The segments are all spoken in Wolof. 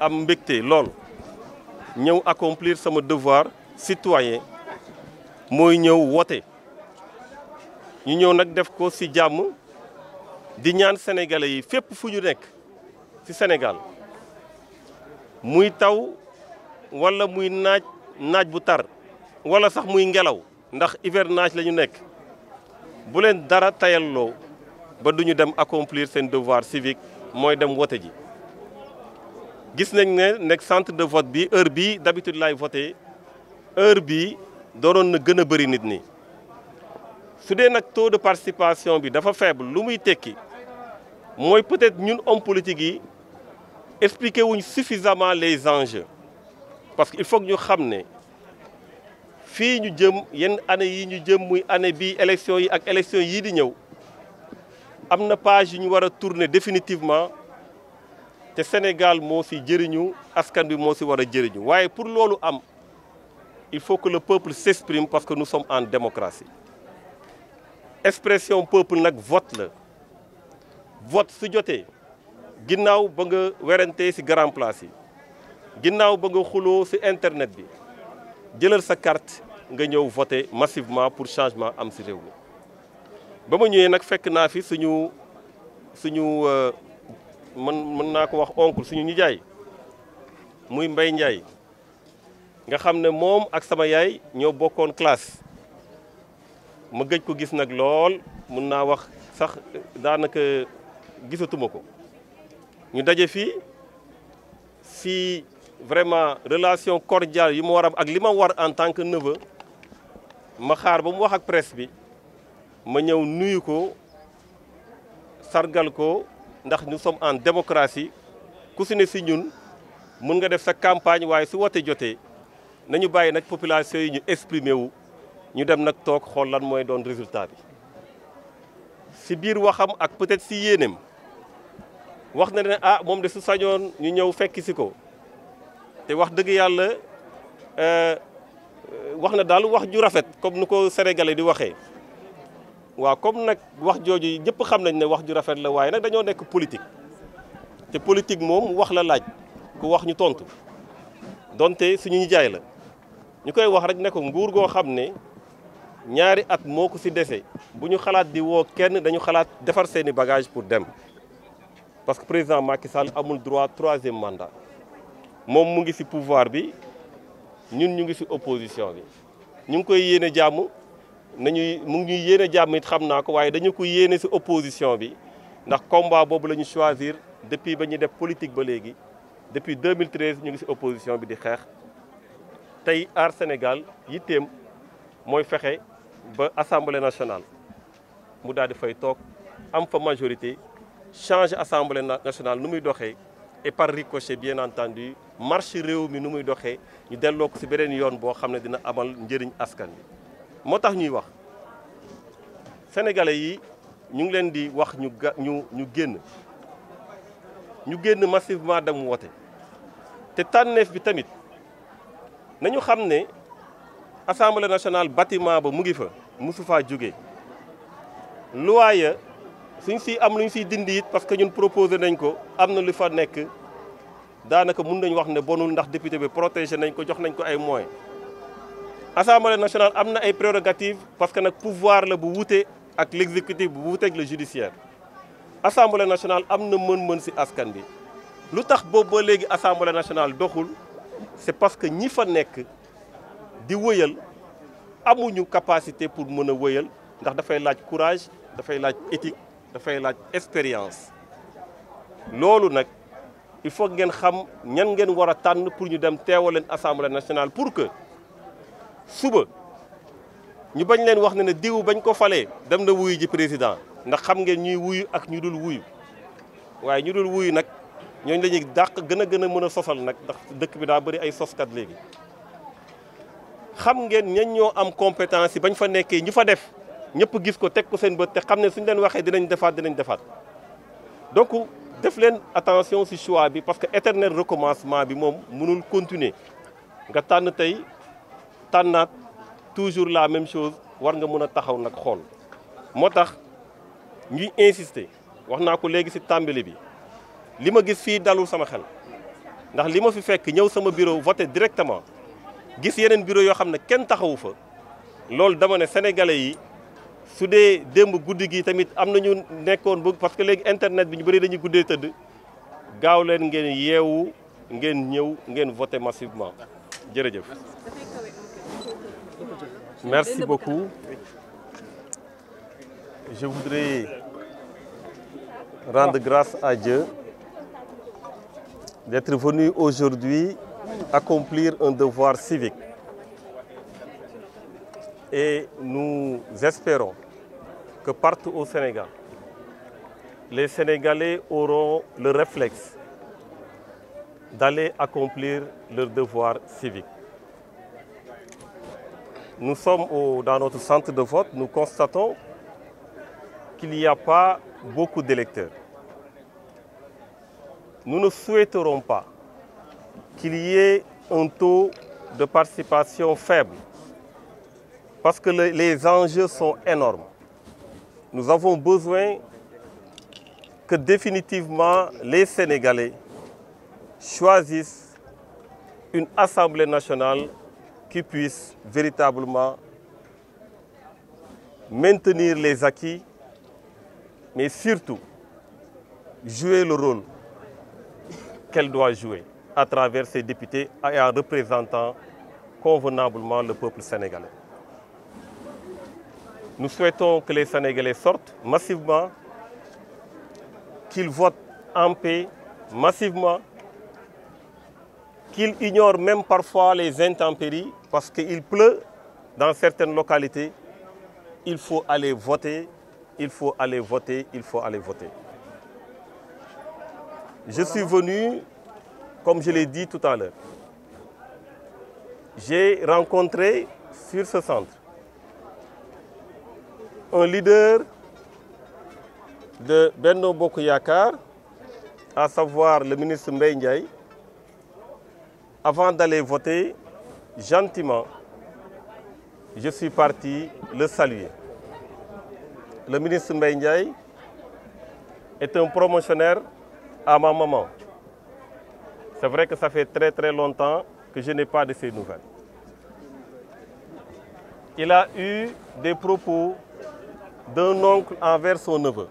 am mbégte lool ñëw accomplir sama devoir citoyen mooy ñëw woote ñu ñëw nag def ko si jàmm di ñaan sénégalais yi fépp fu ñu nekk si Sénégal muy taw walla muy naaj naaj bu tar walla sax muy ngelaw ndax hivernage lañu nekk bu leen dara tayalloo ba duñu dem accomplir seen devoir civique mooy dem wote ji gis nañ ne nekk centre de vote bi heure bii d'habitude laay voté heure bi dooroon na gën a bëri nit ni su dee nag taux de participation bi dafa faible lu muy tekki mooy peut-être ñun homme politique yi expliquer wuñ suffisamment les enjeux parce que il faut ñu xam ne fii ñu jëm yenn année yi ñu jëm muy année bii élection yi ak élection yii di ñëw am na page yu ñu war a tourner définitivement te Sénégal moo si jëriñu askan bi moo si war a jëriñu waaye pour loolu am il faut que le peuple s'exprime parce que nous sommes en démocratie expression peuple nag vote la vote su jotee ginnaaw ba nga werantee si grand place yi ginnaaw ba nga xuloo si internet bi jëlal sa carte nga ñëw voter massivement pour changement am si réew mi ba ma nag fekk naa fi suñu suñu euh, man mën naa ko wax oncle suñu ñu jaay muy mbay Ndiaye nga xam ne moom ak sama yaay ñoo bokkoon classe ma gëj ko gis nag lool mën naa wax sax daanaka gisatuma ko ñu daje fi si vraiment relation cordiale yi ma war am ak li ma war en tant que neveu ma xaar ba mu wax ak presse bi ma ñëw nuyu ko sargal ko ndax ñu som en démocratie ku si ne si ñun mun nga def sa campagne waaye su wote jotee nañu bàyyi nag population yi ñu exprimer wu ñu dem nag toog xool lan mooy doon résultat bi si biir waxam ak peut-être si yéeneem wax na ne ah moom de su sañoon ñu ñëw fekk si ko te wax dëgg yàlla euh, euh, wax na daal wax ju rafet comme nu ko sénégalais di waxee waaw comme nag wax jooju ñëpp xam nañ ne wax ju rafet la waaye nag dañoo nekk politique te politique moom wax la laaj ku wax ñu tontu donte suñu ñu jaay la ñu koy wax rek ne ko nguur goo xam ne ñaari at moo ko si dese bu ñu xalaat di woo kenn dañu xalaat defar seeni bagage pour dem parce que président Macky Sall amul droit troisième mandat moom mu ngi si pouvoir bi ñun ñu ngi si opposition bi ñu ngi koy yéene jàmm. nañuy mu ngi ñuy yéene jàmm xam naa ko waaye dañu ko yéene si opposition bi ndax combat boobu la ñu choisir depuis ba ñuy def politique ba léegi depuis 2013 ñu ngi si opposition bi di xeex tey aar Sénégal yitteem mooy fexe ba assemblée nationale mu daal di fay toog am fa majorité change assemblée nationale nu muy doxee et par ricochet bien entendu marche réew mi nu muy doxee ñu delloo ko ci beneen yoon boo xam ne dina amal njëriñ askan bi moo tax ñuy wax sénégalais yi ñu ngi leen di wax ñu ga ñu ñu génn ñu génn massivement dem woote te tànneef bi tamit nañu xam ne assemblée nationale bâtiment ba mu ngi fa mosu faa jóge loi ya suñ si am luñ siy dindi it parce que ñun proposé nañ ko am na lu fa nekk daanaka mun nañu wax ne bonul ndax député bi protégé nañ ko jox nañ ko ay moyens assemblée nationale am na ay prérogatives parce que nag pouvoir la bu wute ak l'exécutif bu wute ak le judiciaire assemblée nationale am na mën-mën si askan bi lu tax boobu ba léegi assemblée nationale doxul c'est parce que ñi fa nekk di wëyal amuñu capacité pour mën a wëyal ndax dafay laaj courage dafay laaj éthique dafay laaj expérience loolu nag il faut ngeen xam ñan ngeen war a tànn pour ñu dem teewaleen assemblée nationale pour que suba ñu bañ leen wax na ne diw bañ ko falee dem na wuyu ji président ndax xam ngeen ñuy wuyu ak ñu dul wuyu waaye ñu dul wuyu nag ñooñu lañuy dàq gën a gën a mën a sosal nag ndax dëkk bi daa bëri ay soskat léegi xam ngeen ñañ ñoo am compétence yi bañ fa nekkee ñu fa def ñëpp gis ko teg ko seen bët te xam ne suñu leen waxee dinañ defaat dinañ defaat donc def leen attention ci choix bi parce que éternel recommencement bi moom mënul continuer nga tànn tey tànnaat toujours la même chose war nga mën a taxaw nag xool moo tax ñuy insister wax naa ko léegi ci tàmbali bi li ma gis fii dalul sama xel ndax li ma fi fekk ñëw sama bureau voté directement gis yeneen biro yoo xam ne kenn taxawu fa loolu dama ne sénégalais yi su dee démb guddi gi tamit am nañu nekkoon bëgg parce que léegi internet bi ñu bëri dañuy guddee tëdd gaaw leen ngeen yeewu ngeen ñëw ngeen voté massivement jërëjëf. Merci beaucoup. Je voudrais rendre grâce à Dieu d'être venu aujourd'hui accomplir un devoir civique. Et nous espérons que partout au Sénégal, les Sénégalais auront le réflexe d'aller accomplir leur devoir civique. Nous sommes au, dans notre centre de vote, nous constatons qu'il n'y a pas beaucoup d'électeurs. Nous ne souhaiterons pas qu'il y ait un taux de participation faible parce que le, les enjeux sont énormes. Nous avons besoin que définitivement les Sénégalais choisissent une Assemblée nationale qui puisse véritablement maintenir les acquis, mais surtout jouer le rôle qu'elle doit jouer à travers ses députés et en représentant convenablement le peuple sénégalais. Nous souhaitons que les Sénégalais sortent massivement, qu'ils votent en paix massivement qu'ils ignorent même parfois les intempéries parce qu'il pleut dans certaines localités. Il faut aller voter, il faut aller voter, il faut aller voter. Je suis venu, comme je l'ai dit tout à l'heure, j'ai rencontré sur ce centre un leader de Benno Bokuyakar, à savoir le ministre Mbaye avant d'aller voter, gentiment, je suis parti le saluer. Le ministre Mbaye Ndiaye est un promotionnaire à ma maman. C'est vrai que ça fait très très longtemps que je n'ai pas de ses nouvelles. Il a eu des propos d'un oncle envers son neveu.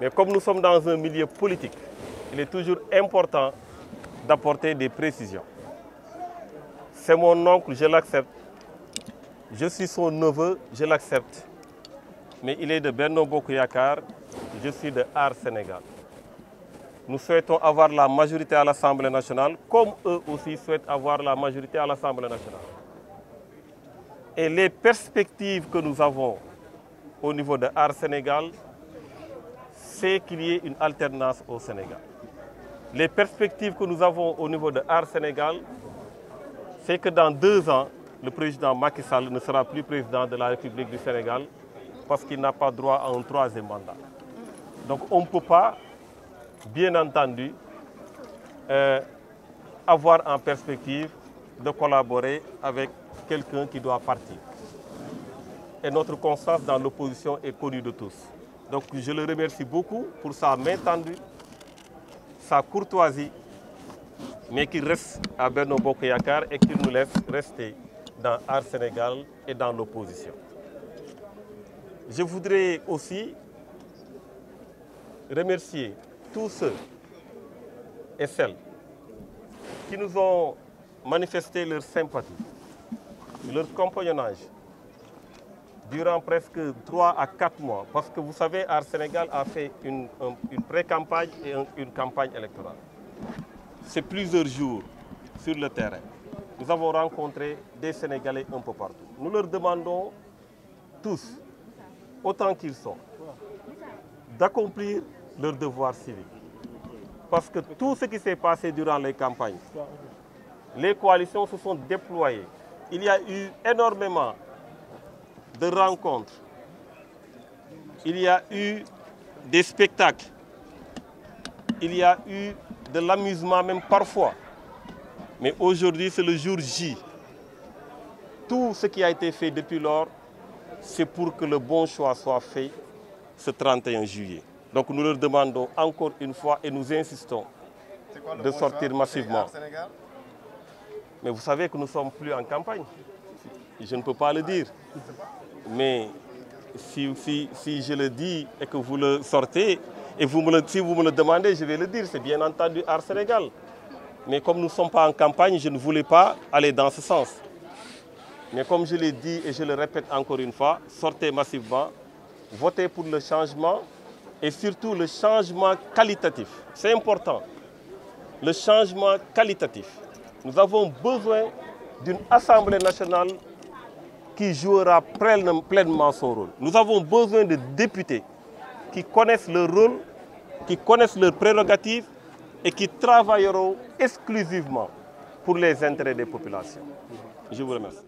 Mais comme nous sommes dans un milieu politique, il est toujours important d'apporter des précisions. C'est mon oncle, je l'accepte. Je suis son neveu, je l'accepte. Mais il est de Benno Bokuyakar, je suis de Art Sénégal. Nous souhaitons avoir la majorité à l'Assemblée nationale, comme eux aussi souhaitent avoir la majorité à l'Assemblée nationale. Et les perspectives que nous avons au niveau de Art Sénégal, c'est qu'il y ait une alternance au Sénégal. les perspectives que nous avons au niveau de Art Sénégal, c'est que dans deux ans, le président Macky Sall ne sera plus président de la République du Sénégal parce qu'il n'a pas droit à un troisième mandat. Donc on ne peut pas, bien entendu, euh, avoir en perspective de collaborer avec quelqu'un qui doit partir. Et notre constance dans l'opposition est connue de tous. Donc je le remercie beaucoup pour sa main tendue. sa courtoisie, mais qui reste à Benno Bokoyakar et qui nous laisse rester dans Art Sénégal et dans l'opposition. Je voudrais aussi remercier tous ceux et celles qui nous ont manifesté leur sympathie, leur compagnonnage durant presque trois à 4 mois, parce que vous savez, Art Sénégal a fait une, une campagne et une campagne électorale. C'est plusieurs jours sur le terrain. Nous avons rencontré des Sénégalais un peu partout. Nous leur demandons tous, autant qu'ils sont, d'accomplir leur devoir civique. Parce que tout ce qui s'est passé durant les campagnes, les coalitions se sont déployées. Il y a eu énormément de rencontres, il y a eu des spectacles, il y a eu de l'amusement même parfois. Mais aujourd'hui, c'est le jour jui Tout ce qui a été fait depuis lors, c'est pour que le bon choix soit fait ce 31 juillet. Donc nous leur demandons encore une fois et nous insistons quoi, de bon sortir choix, massivement. Sénégal, Sénégal Mais vous savez que nous sommes plus en campagne. Je ne peux pas le dire. mais si, si, si je le dis et que vous le sortez, et vous me le, si vous me le demandez, je vais le dire, c'est bien entendu Art Sénégal. Mais comme nous ne sommes pas en campagne, je ne voulais pas aller dans ce sens. Mais comme je l'ai dit et je le répète encore une fois, sortez massivement, votez pour le changement et surtout le changement qualitatif. C'est important. Le changement qualitatif. Nous avons besoin d'une Assemblée nationale qui jouera pleinement son rôle. Nous avons besoin de députés qui connaissent leur rôle, qui connaissent leurs prérogatives et qui travailleront exclusivement pour les intérêts des populations. Je vous remercie.